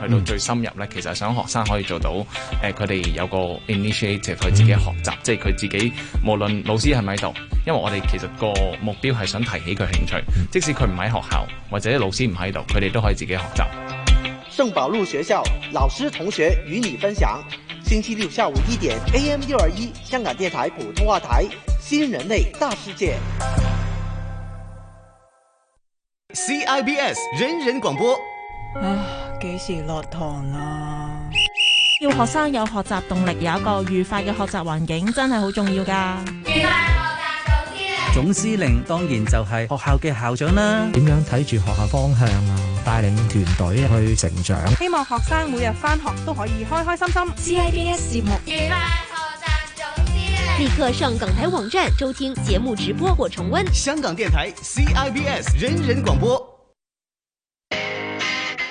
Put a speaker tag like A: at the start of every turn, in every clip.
A: 去到最深入咧，其實想學生可以做到，誒、呃，佢哋有個 initiative，佢自己學習，即係佢自己，無論老師係咪喺度，因為我哋其實個目標係想提起佢興趣，即使佢唔喺學校或者老師唔喺度，佢哋都可以自己學習。
B: 聖保路學校老師同學與你分享，星期六下午一點 AM 六二一香港電台普通話台新人類大世界 CIBS
C: 人人廣播。Uh. 幾時落堂
D: 啊？要學生有學習動力，有一個愉快嘅學習環境，真係好重要噶。愉快
E: 何達
F: 總司令，當然就係學校嘅校長啦。點樣睇住學校方向啊？帶領團隊去成長，
C: 希望學生每日返學都可以開開心
G: 心。CIBS 節目，愉
H: 快
G: 何達總司令，立刻上港台網站收
F: 聽節目直播或重溫。香港電台 CIBS 人人廣播。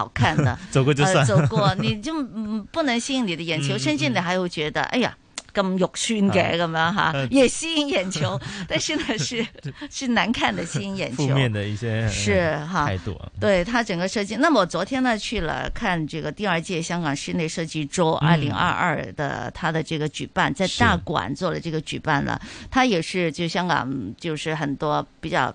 I: 好看的，走過就走過你就、嗯、不能吸引你的眼球，甚至你還會覺得，哎呀，咁肉酸嘅咁樣哈也吸引眼球，但是呢，是 這 是難看的吸引眼球，負面的一
J: 些是哈、嗯啊啊，態度、
I: 對他整個設計。那麼我昨天呢，去了看這個第二屆香港室內設計周二零二二的他的這個舉辦，嗯、在大館做了這個舉辦了，是他也是就香港就是很多比較。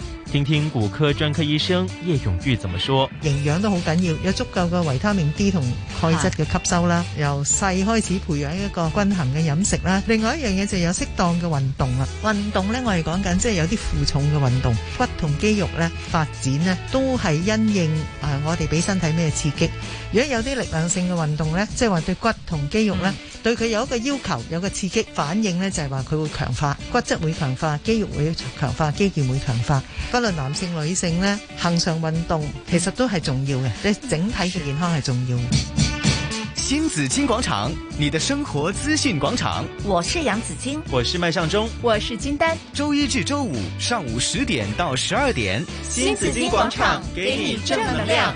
J: 聽聽骨科專科醫生葉永裕怎麼說：
K: 營養都好緊要，有足夠嘅維他命 D 同鈣質嘅吸收啦。是由細開始培養一個均衡嘅飲食啦。另外一樣嘢，就有適當嘅運動啦。運動呢，我哋講緊即係有啲負重嘅運動，骨同肌肉呢發展呢都係因應誒我哋俾身體咩刺激。如果有啲力量性嘅運動呢，即係話對骨同肌肉呢，嗯、對佢有一個要求，有個刺激反應呢，就係話佢會強化，骨質會強化，肌肉會強化，肌腱會強化。無論男性女性咧，恆常運動其實都係重要嘅，對整體嘅健康係重要。
F: 新紫金廣場，你的生活資訊廣場。我是楊紫金，我是麥尚中，我是金丹。周一至周五上午十點到十二點，新紫金廣場給你正能量。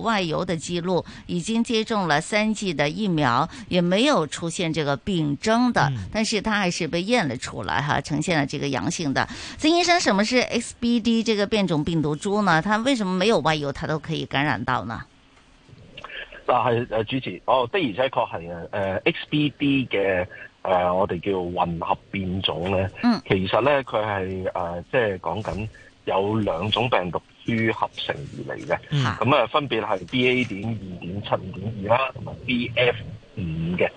I: 外遊的記錄，已經接種了三劑的疫苗，也沒有出現這個病徵的，但是它還是被驗了出來哈，呈現了這個陽性的。曾醫生，什麼是 XBD 這個變種病毒株呢？它為什麼沒有外遊，它都可以感染到呢？
B: 嗱，係誒，主持哦，的而且確係誒，XBD 嘅誒，我哋叫混合變種咧。嗯。其實咧，佢係誒，即係講緊有兩種病毒。合成而嚟嘅，咁啊分別係 BA 點二點七點二啦，同埋 BF 五嘅。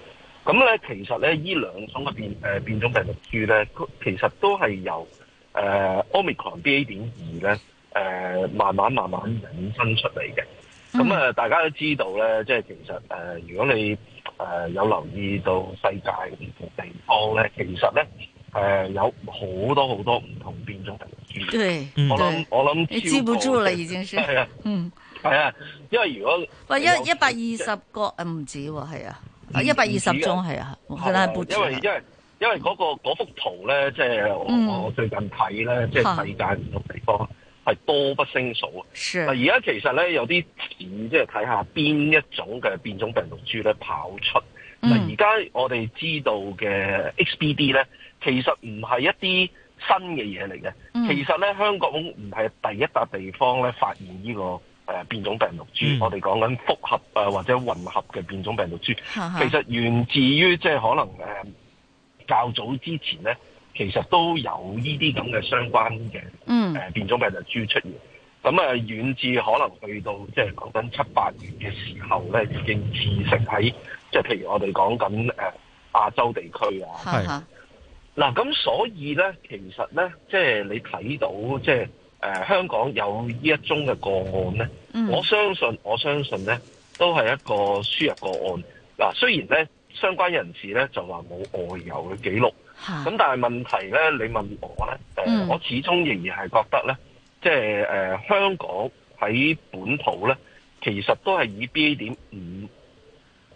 B: 咁咧其實咧呢兩種嘅變誒、呃、變種病毒株咧，其實都係由誒、呃、Omicron BA 點二咧誒慢慢慢慢引申出嚟嘅。咁啊大家都知道咧，即係其實誒、呃、如果你誒有留意到世界唔同地方咧，其實咧。誒，有好多好多唔同變種病毒株，我諗我諗超過，係啊，係啊，因為如果喂一一
I: 百二十個誒唔止喎，係啊，一百二十種係啊，但
B: 係因為因為因為嗰個幅圖咧，即係我最近睇咧，即係世界唔同地方係多不勝數啊。嗱，而家其實咧有啲試即係睇下邊一種嘅變種病毒株咧跑出。嗱，而家我哋知道嘅 XBD 咧，其實唔係一啲新嘅嘢嚟嘅，嗯、其實咧香港唔係第一笪地方咧發現呢、呢個誒、呃、變種病毒株，嗯、我哋講緊複合誒、呃、或者混合嘅變種病毒株，是是其實源自於即係可能誒、呃、較早之前咧，其實都有呢啲咁嘅相關嘅誒、嗯呃、變種病毒株出現。咁啊遠至可能去到即係講緊七八月嘅時候咧，已經自食喺即係譬如我哋講緊誒亞洲地區啊。是是啊。嗱，咁、啊、所以咧，其實咧，即、就、係、是、你睇到，即係誒香港有呢一宗嘅個案咧、嗯，我相信我相信咧，都係一個輸入個案。嗱、啊，雖然咧相關人士咧就話冇外遊嘅記錄，咁哈但係問題咧，你問我咧，誒、嗯，我始終仍然係覺得咧，即係誒香港喺本土咧，其實都係以 B A 點五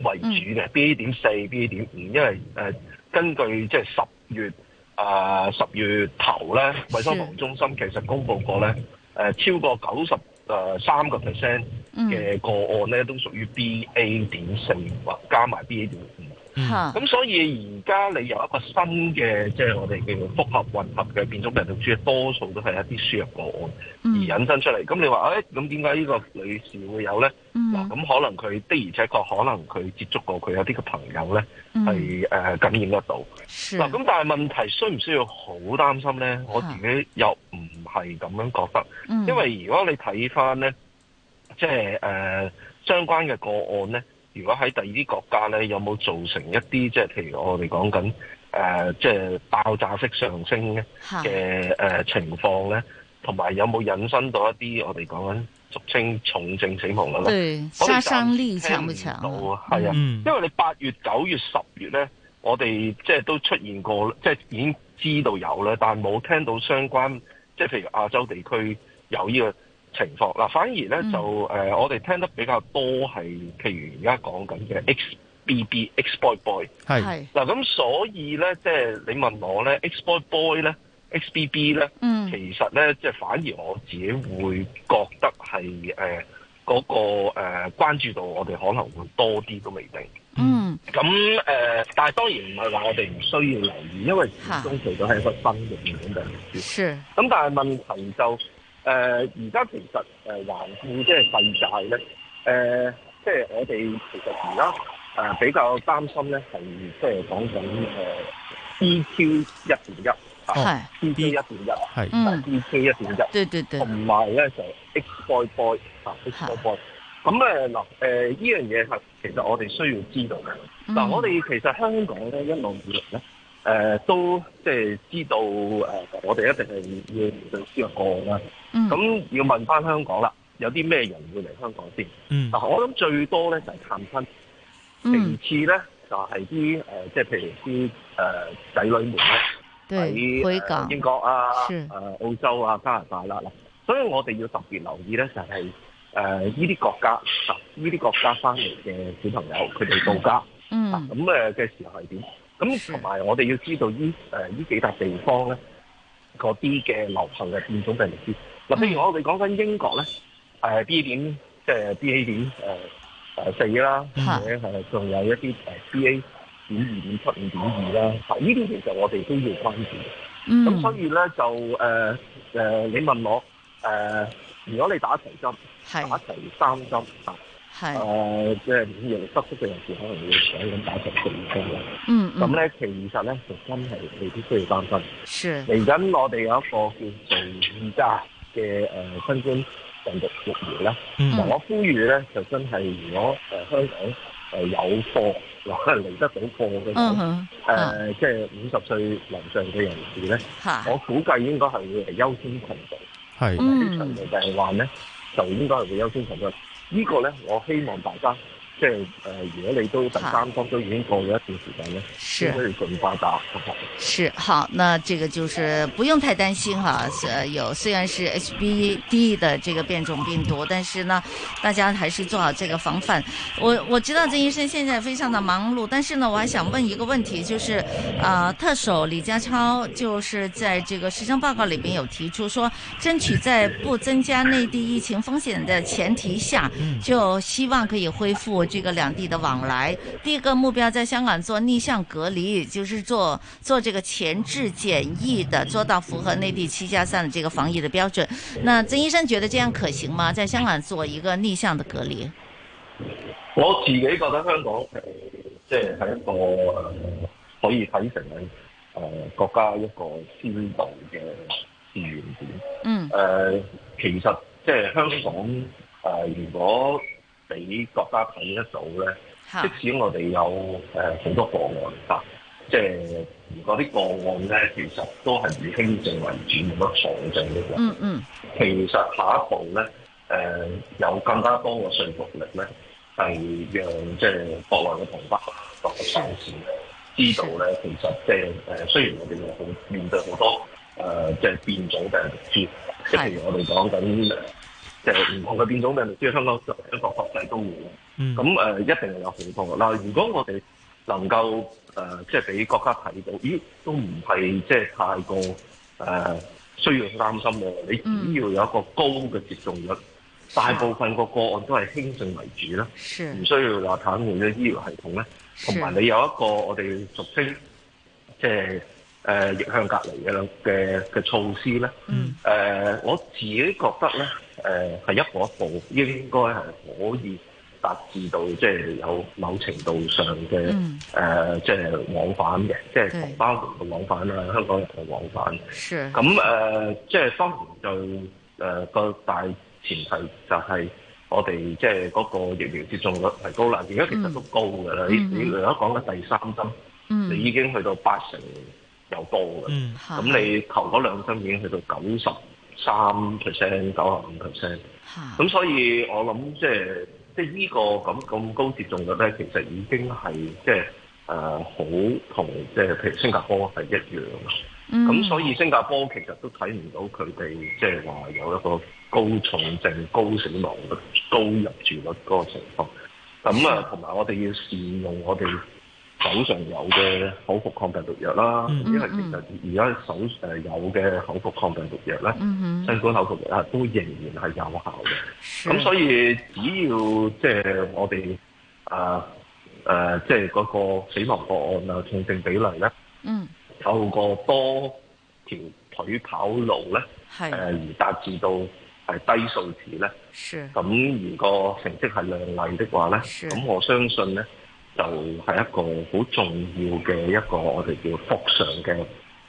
B: 為主嘅，B A 點四、B A 點五，BA. 4, BA. 5, 因為、呃、根據即係十，就是月啊、呃、十月頭咧，衛生防護中心其實公布過咧，誒、呃、超過九十誒三個 percent 嘅個案咧，都屬於 B A 點四或加埋 B A 點五。咁、mm hmm. 嗯、所以而家你有一個新嘅，即、就、係、是、我哋叫做複合混合嘅變種病毒株，多數都係一啲輸入個案而引申出嚟。咁、mm hmm. 你話咁點解呢個女士會有咧？嗱、mm，咁、hmm. 可能佢的而且確可能佢接觸過佢有啲個朋友咧，係誒、mm hmm. 呃、感染得到。嗱是，咁、啊、但係問題需唔需要好擔心咧？Mm hmm. 我自己又唔係咁樣覺得，mm hmm. 因為如果你睇翻咧，即係誒相關嘅個案咧。如果喺第二啲國家咧，有冇造成一啲即係譬如我哋講緊即係爆炸式上升嘅嘅的、呃、情況咧，同埋有冇引申到一啲我哋講緊俗稱重症死亡率對殺傷力強唔強？係啊，因為你八月、九月、十月咧，我哋即係都出現過，即係已經知道有啦，但係冇聽到相關，即係譬如亞洲地區有呢個。情況嗱，反而咧就誒、嗯呃，我哋聽得比較多係，譬如而家講緊嘅 XBB、XBoyBoy 係。嗱咁，呃、所以咧，即係你問我咧，XBoyBoy 咧、XBB 咧，呢嗯、其實咧，即係反而我自己會覺得係誒嗰個誒、呃、關注度我哋可能會多啲都未定。
L: 嗯。
B: 咁誒、呃，但係當然唔係話我哋唔需要留意，因為始終佢都係一個新嘅名嘅。咁但係問題就。誒而家其實、呃、環境即係世界咧，誒即係我哋其實而家、呃、比較擔心咧係即係講緊誒、呃、BQ 一點一，BQ 一點一，BQ 一點一，對對對，同埋咧就 X 波波啊 X 波波，咁誒嗱誒依樣嘢係其實我哋需要知道嘅，嗱我哋其實香港咧一路以嚟咧，誒、呃，都即係知道誒、呃，我哋一定係要小心個案啦。咁要、嗯、要問翻香港啦，有啲咩人會嚟香港先？嗯、啊，我諗最多咧就係探親，其次咧就係啲誒，即係譬如啲誒仔女們咧
L: 喺英國
B: 啊、誒是、呃、澳洲啊、加拿大啦啦，所以我哋要特別留意咧就係誒呢啲國家，呢、啊、啲國家翻嚟嘅小朋友，佢哋到家，咁誒嘅時候係點？咁同埋，嗯、我哋要知道呢誒依幾笪地方咧，嗰啲嘅流行嘅變種病毒？嗱，譬如我哋講緊英國咧，誒、呃、B 點即係、呃、BA 點誒誒四啦，或者係仲有一啲誒 BA 點二點七、五點二啦。嗱、嗯，呢啲其實我哋都要關注。
D: 咁
B: 所以咧就誒誒、呃呃，你問我誒、呃，如果你打齊針，打齊三針。係誒，即係免疫力不足嘅人士，可能要想咁打疫苗啦。嗯咁咧，其實咧就真係未必需要擔心。是。嚟緊我哋有一個叫做二價嘅誒新冠病毒疫苗咧，mm hmm. 我呼籲咧就真係如果誒香港誒有貨，可能嚟得到貨嘅誒，即係五十歲以上嘅人士咧，Ha. 我估計應該係會係優先群體。係是。啲群體就係話咧，就應該係會優先接種。呢個咧，我希望大家。即係誒，如、呃、果你都第三方都已經過咗一段時間咧，應該要盡
I: 快打。是，是好，那這個就是不用太擔心哈。有雖然是 HBD 的這個變種病毒，但是呢，大家還是做好這個防範。我我知道曾醫生現在非常的忙碌，但是呢，我還想問一個問題，就是啊、呃，特首李家超就是在這個施政報告裏邊有提出說，爭取在不增加內地疫情風險的前提下，就希望可以恢復。嗯這個兩地的往來，第一個目標在香港做逆向隔離，就是做做這個前置檢疫的，做到符合內地七加三的這個防疫的標準。那曾醫生覺得這樣可行嗎？在香港做一個逆向的隔離？
B: 我自己覺得香港係、呃、即係係一個誒、呃、可以睇成係誒、呃、國家一個先導嘅資源點。嗯。誒、呃，其實即係香港誒、呃，如果俾國家睇得到咧，即使我哋有誒好、呃、多個案，法，即係如果啲個案咧，其實都係以輕症為主，冇乜重症嘅，嗯嗯，嗯，其實下一步咧，誒、呃、有更加多嘅說服力咧，係讓即係國內嘅同胞、國內嘅市民知道咧，其實即係誒雖然我哋面對好多誒、呃、即係變種病毒，即係譬如我哋講緊。就唔同嘅變種病毒，喺香港作為一個國際都會。咁誒、呃，一定係有好多。嗱、呃，如果我哋能夠誒、呃，即係俾國家睇到，咦，都唔係即係太過誒、呃、需要擔心嘅。你只要有一個高嘅接種率，嗯、大部分個個案都係輕症為主啦，唔是需要話癱瘓嘅醫療系統咧。同埋你有一個我哋俗稱即係誒逆向隔離嘅嘅嘅措施咧。誒、嗯呃，我自己覺得咧。誒係、呃、一步一步，應該係可以達至到即係有某程度上嘅誒、嗯呃，即係往返嘅，即係同胞同往返啦，香港人嘅往返。
L: 咁誒，
B: 即係當然就誒個大前提就係我哋即係嗰個疫苗接種率提高啦。而家其實都高㗎啦，嗯、你你而家講緊第三針，嗯、你已經去到八成又高㗎。咁、嗯、你頭嗰兩針已經去到九十。三 percent 九啊五 percent，咁所以我諗即係即係呢個咁咁高接種率咧，其實已經係即係誒好同即係譬如新加坡係一樣嘅，咁、嗯、所以新加坡其實都睇唔到佢哋即係話有一個高重症、高死亡率、高入住率嗰個情況。咁啊，同埋我哋要善用我哋手上有嘅口服抗病毒藥啦，mm hmm. 因為其實而家手上有嘅口服抗病毒藥咧，mm hmm. 新冠口服藥啊都仍然係有效嘅。咁是所以只要即係、就是、我哋啊誒，即係嗰個死亡個案啊，重症比例咧，透過、mm hmm. 多條腿跑路咧，是而達至到係低數字咧。咁是如果成績係亮麗的話咧，咁是我相信咧。就係一個好重要嘅一個我哋叫福上嘅。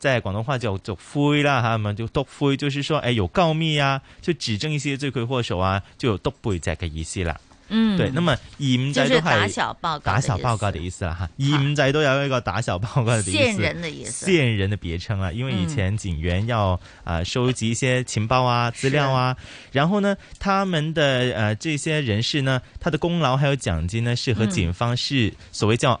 J: 在廣東話叫做灰啦他們就督灰，就是說，哎，有告密啊，就指證一些罪魁禍首啊，就有督背脊嘅意思啦。嗯，對，那麼二五仔都還有打小報告的意思啦，嚇、啊，鹽、啊、在都要一個打小報告嘅意思。啊、線人的意思，線人的別稱啊。因為以前警員要啊、嗯呃、收集一些情報啊資料啊，是然後呢，他們的呃這些人士呢，他的功勞還有獎金呢，是和警方是所謂叫、嗯。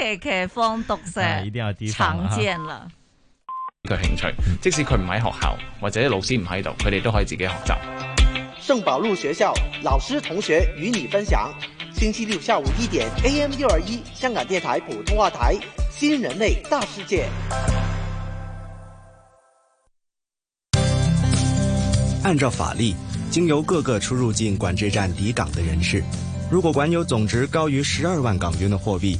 I: 騎騎放毒
A: 石，常見了。佢興趣， 即使佢唔喺學校或者老師唔喺度，佢哋都可以自己學習。
B: 聖保路學校老師同學與你分享，星期六下午一點，AM 六二一，香港電台普通話台，新人類大世界。
F: 按照法例，經由各個出入境管制站離港嘅人士，如果管有總值高於十二萬港元嘅貨幣。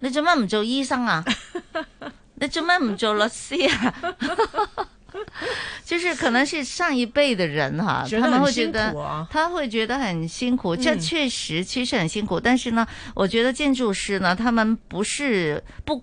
I: 你做乜唔做醫生啊？你 做乜唔做律師啊？ 就是可能是上一輩的人哈，啊、他們會覺得他會覺得很辛苦，這確實其實很辛苦。嗯、但是呢，我覺得建築師呢，他們不是不。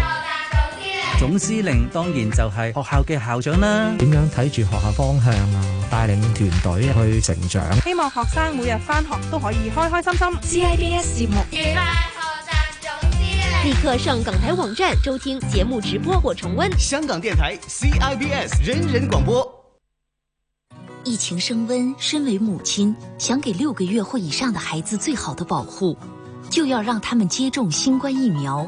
F: 總司令當然就係學校嘅校長啦，點樣
A: 睇住學校方向啊，帶領團隊去成長。
C: 希望學生每日返學都可以開開心心。CIBS 節目嘅何務達總司令，立刻上
F: 港台網站收聽節目直播或重温。香港電台 CIBS 人人廣播。
G: 疫情升温，身為母親，想給六個月或以上嘅孩子最好嘅保護，就要讓他們接種新冠疫苗。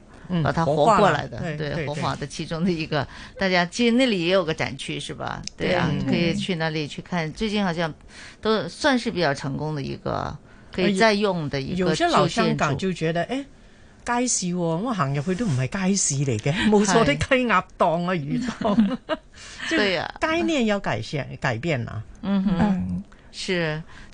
A: 把它活過來的，對，活化的
I: 其中的一個，大家其實那裏也有個展區是吧？對啊，可以去那裏去看。最近好像都算是比
K: 較成功的一個，可以再用的一個。有些老香港就覺得，哎，街市喎，我行入去都唔係街市嚟嘅，冇錯啲雞鴨檔啊，魚檔。
I: 對
K: 呀，概念要改善改變啊，嗯
I: 哼，
K: 是。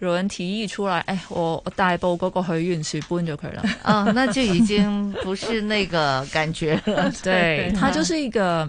D: 有人提議出來，哎，我我大埔嗰個許願樹搬咗佢啦，嗯、 啊，那就已經不是那個感覺了。 對， 他就是一個。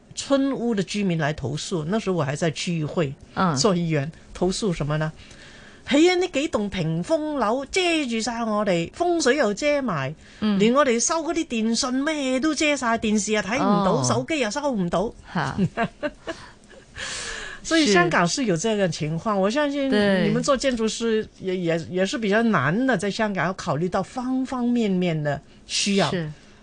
K: 村屋的居民來投訴，那時候我還在區議會做議員，嗯、投訴什麼呢？係啊，呢幾棟屏風樓遮住晒我哋，風水又遮埋，嗯、連我哋收嗰啲電訊咩都遮晒，電視又睇唔到，哦、手機又收唔到。哈 所以香港是有這個情況，是我相信你們做建築師也也對也是比較難的，在香港要考慮到方方面面的需要。